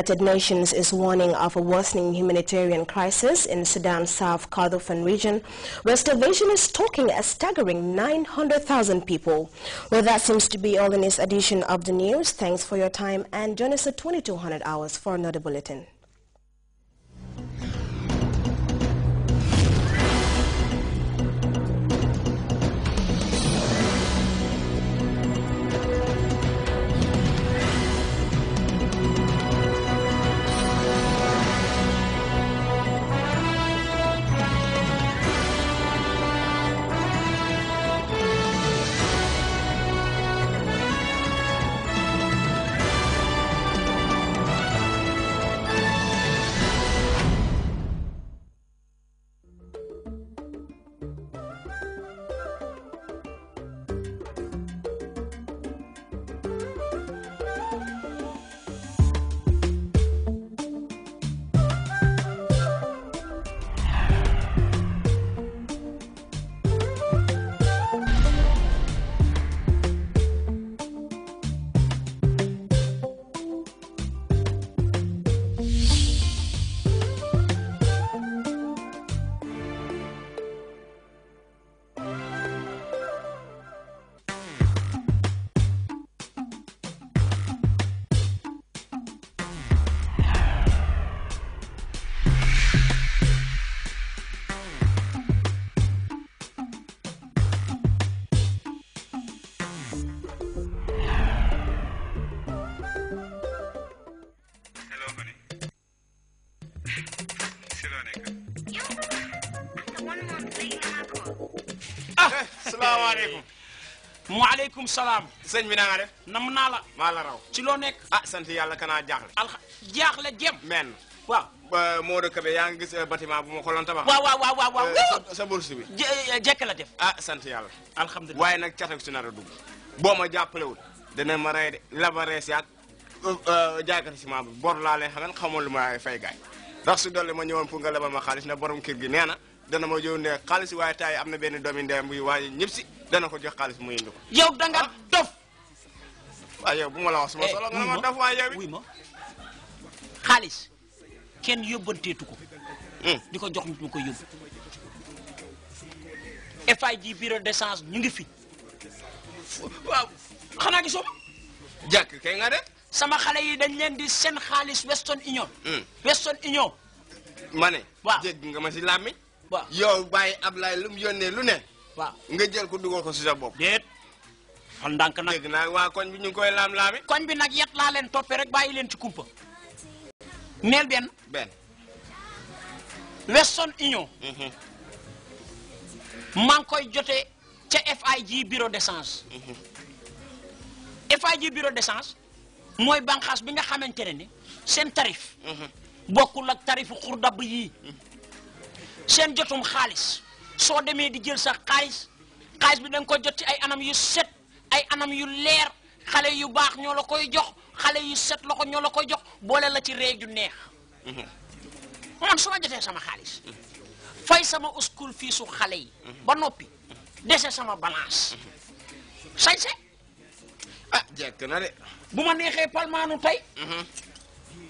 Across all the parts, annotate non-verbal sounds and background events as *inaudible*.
United Nations is warning of a worsening humanitarian crisis in Sudan's South Kordofan region, where starvation is stalking a staggering 900,000 people. Well, that seems to be all in this edition of the news. Thanks for your time and join us at 2200 hours for another bulletin. *laughs* salaamaaleykum. maaleykum salaam. sëñ bi na nga def. nam naa la. maa la raw ci loo nekk. ah sant yàlla kanaa jaaxle. alxa jaaxle jéem. men waaw. Modou Kébé yaa ngi gis euh, bâtiment bu ma xoloon tabax. waaw waaw waaw waaw. Euh, sa bourse bi. Euh, jekk la def. ah sant yàlla. alhamdulilah waaye nag catak si nar a dugg. boo ma jàppalewul dana ma rey de labarees yaag jaaykati ciment bi bor laa leen xam ne xamul lu ma fay gaay ndax su dolli ma ñëwoon pour nga lebal ma xaalis na borom kër gi nee na. dana moo ma yónnee xaalis waaye taay am na benn doomi ndeyam buy waaye ñëpp si dana ko jox xaalis mu indi ko. yow da nga ah. dof. bu ma la wax suma eh, solo nga xaalis kenn yóbbanteetu ko. Hmm. di ko jox nit mu koy yóbbu. FIG bureau de ñu ngi fi. waaw xanaa gisoo ma. jàkk kay nga sama xale yi dañ leen di seen xaalis Western Union. Hmm. Western Union. ma ne. waaw jéggi nga ma si làmmiñ. waaw yow bàyyi Ablaye lu mu yónnee lu ne. waaw nga jël ko dugal ko si sa bopp. déet xam nag waa koñ bi ñu ngi koy laam-laami. koñ bi nag yat laa leen toppee rek bàyyi leen ci kumpa. neel benn. benn. Union. Mhm. maa ngi koy jote ca FIG bureau d'essence. Mhm. FIG bureau d'essence mooy banqaas bi nga xamante ne ni seen tarif. Mhm. bokkul ak tarifu xurdab yii. seen jotum xaalis soo demee di jël sax xaalis xaalis bi da nga ko jot ci ay anam yu set ay anam yu leer xale yu baax ñoo la koy jox xale yu set loxo ñoo la koy jox boole la ci réeg ju neex mhm. man su ma jotee sama xaalis fay sama school fees su xale yi ba noppi dese sama balance sañse ah jekk na de bu ma neexee palmaanu tey mhm.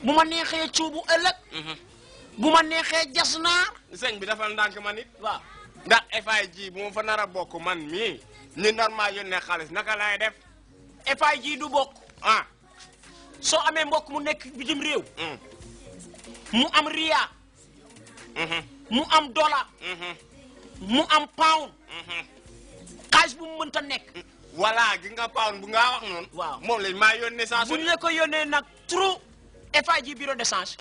bu ma neexee cuubu ëllëg mhm. bu ma neexee jas naa. sëñ bi dafal ndànk ma nit. waaw ndax FIG bu ma fa nar a bokk man mii ñu nar maa yónnee xaalis naka laay def. FIG du bokk. ah. soo amee mbokk mu nekk bitim réew. Mm. mu am ria. Mm-hmm. mu am dollar. Mm-hmm. mu am pound. Mm-hmm. xaalis bu mu mënta nekk. voilà gi nga pound bu nga wax noon waaw moom lañ maa yónnee saa su. bu ñu la ko yónnee nag trop FIG bureau de change.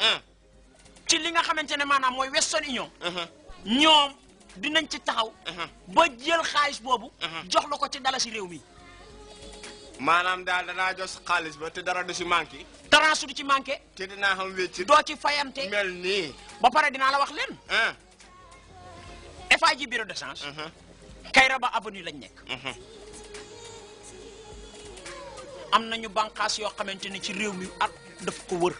ci li nga xamante ne maanaam mooy Western Union. Uh-huh. ñoom dinañ ci taxaw. Uh-huh. ba jël xaalis boobu. Uh-huh. jox la ko ci si réew mi. maanaam daal danaa jos xaalis ba te dara du ci manqué. dara ci manqué. te dinaa xam wécc. doo ci fayante mel ba pare dinaa la wax leen. FAG bureau de change. Kayraba avenue lañ nekk. am nañu bànqaas yoo xamante ne ci réew mi at daf ko wër.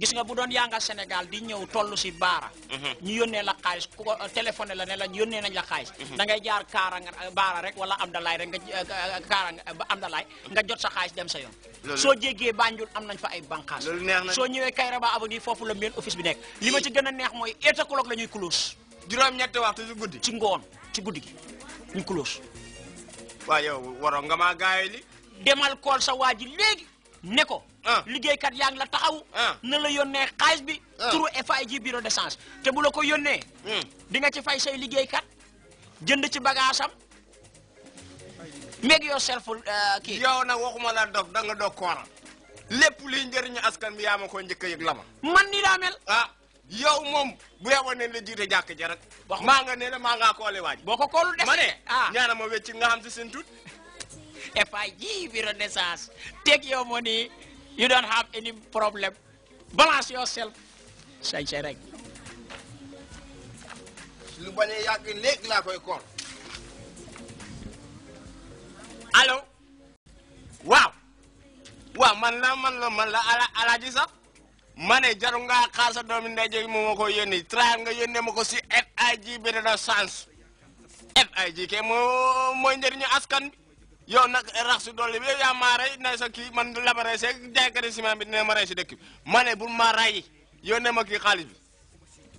gis nga bu doon yaa nga Sénégal di ñëw toll si baara mhm. ñu yónnee la xaalis ku ko euh, téléphoné la ne la yónnee nañ la xaalis mhm. da ngay jaar kaaranga euh, baara rek wala Amdalaay rek nga euh, kaaranga Amdalaay nga jot sa xaalis dem sa yoon soo jéggee Banjul am nañ fa ay bànqaas soo ñëwee Kayraba Avenue foofu la main office bi nekk li ma a neex mooy eight o'clock la ñuy close juróom-ñetti waxtu ci guddi ci ngoon ci guddi gi ñu close waaw yow waroon nga maa gaay li demal kool sa waa ji léegi ne ko. Ah. liggéeykat yaa ngi la taxaw. Ah. na la yónnee xaalis bi. Ah. turu FIG bureau de change te bu la ko yónnee. Hmm. di nga ci fay say liggéeykat jënd ci bagage am make yourself uh, kii. yow nag waxuma la dof da nga doog kooram lépp luy njëriñu askan bi yaa ko njëkk a yëg la man nii daa mel. ah yow moom bu yeboo ne la jiite jàkk ja rek. wax maa nga ne la maa ngaa koole waaj. boo ko koolu def ma ne. ah ñaana ma wecc nga xam si seen FIG Renaissance. Take your money. You don't have any problem. Balance yourself. Say, say, right. Hello? Wow. Wow, man la man la man la ala ala jisa. Mane jarum nga xassa doomi ndaje mo mako yoni tra nga yonne mako ci FIG bi da sans FIG ke mo moy ndariñu askan bi yo nak rax su dolli bi ya ma ray na sa ki man la ma rey jay ka resima bi ne ma ray si dekk bi mané ne ma ray yo ne ma ki khalif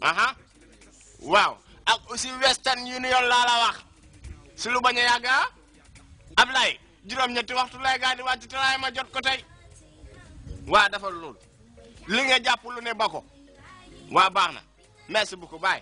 aha wow ak aussi Western Union la la wax su lu baña yaga ablay ah ñetti waxtu lay gaa wacc wàcc ma jot ko tay wa dafa lool li nga japp lu ne bako wa baxna merci beaucoup bye.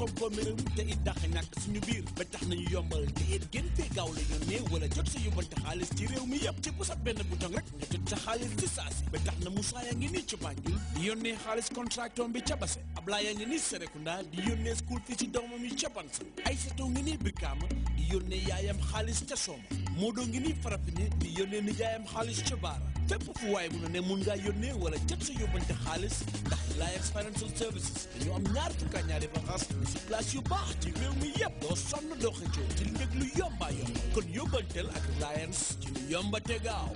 koom-koom réew mi te it dàq nag suñu biir ba tax nañu yombal te it gën fee gaaw la yónnee wala jot sa yóbbante xaalis ci réew mi yëpp ci pusat benn bouton rek nga jot sa xaalis ci saasi ba tax na Moussa yaa ngi nii ci Banjul di yónnee xaalis contractom bi ca Basse Ablaye yaa ngi nii Serekunda di yónnee school fii ci doomam yi ca Bansan Aïssatou ngi nii Brikama di yónnee yaayam xaalis ca Soma Modou ngi nii Farafenni di yónnee nijaayam xaalis ca Baara fépp fu mun a ne mun ngaa yónnee wala jot sa yóbbante xaalis ndax Reliance Financial Services dañu ci place yu baax ci réew mi yëpp doo sonn doo xëccoo ci njëg lu yomba yomb kon yóbbantel ak Reliance ci lu yomba te gaaw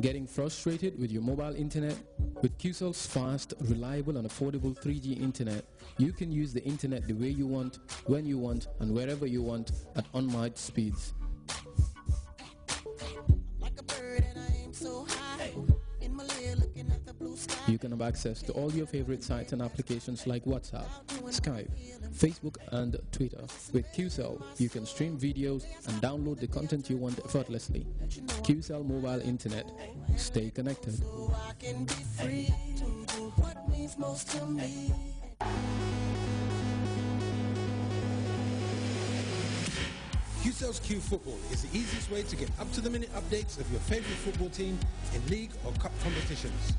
Getting frustrated with your mobile internet? With QCell's fast, reliable and affordable 3G internet, you can use the internet the way you want, when you want and wherever you want at unmatched speeds. Like you can have access to all your favorite sites and applications like WhatsApp, Skype, Facebook and Twitter. With QCell, you can stream videos and download the content you want effortlessly. QCell Mobile Internet. Stay connected. Qcells Q Football is the easiest way to get up-to-the-minute updates of your favorite football team in league or cup competitions.